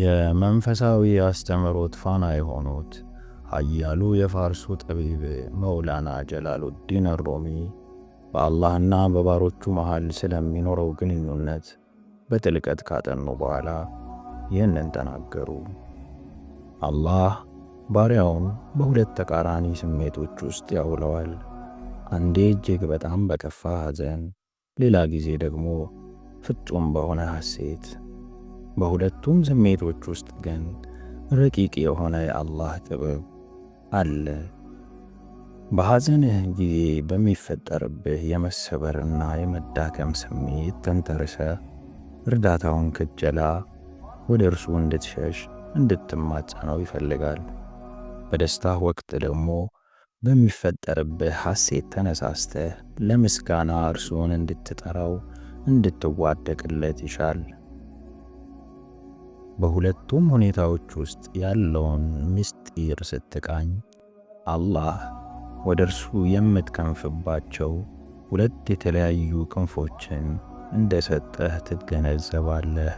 የመንፈሳዊ አስተምህሮት ፋና የሆኑት ኃያሉ የፋርሱ ጠቢብ መውላና ጀላሉዲን ሮሚ በአላህና በባሮቹ መሃል ስለሚኖረው ግንኙነት በጥልቀት ካጠኑ በኋላ ይህንን ተናገሩ። አላህ ባሪያውን በሁለት ተቃራኒ ስሜቶች ውስጥ ያውለዋል። አንዴ እጅግ በጣም በከፋ ሐዘን፣ ሌላ ጊዜ ደግሞ ፍጹም በሆነ ሐሴት። በሁለቱም ስሜቶች ውስጥ ግን ረቂቅ የሆነ የአላህ ጥበብ አለ። በሐዘንህ ጊዜ በሚፈጠርብህ የመሰበርና የመዳከም ስሜት ተንተርሰ እርዳታውን ክጀላ ወደ እርሱ እንድትሸሽ እንድትማጸነው ይፈልጋል። በደስታ ወቅት ደግሞ በሚፈጠርብህ ሐሴት ተነሳስተህ ለምስጋና እርሱን እንድትጠራው እንድትዋደቅለት ይሻል። በሁለቱም ሁኔታዎች ውስጥ ያለውን ምስጢር ስትቃኝ አላህ ወደ እርሱ የምትከንፍባቸው ሁለት የተለያዩ ክንፎችን እንደሰጠህ ትገነዘባለህ።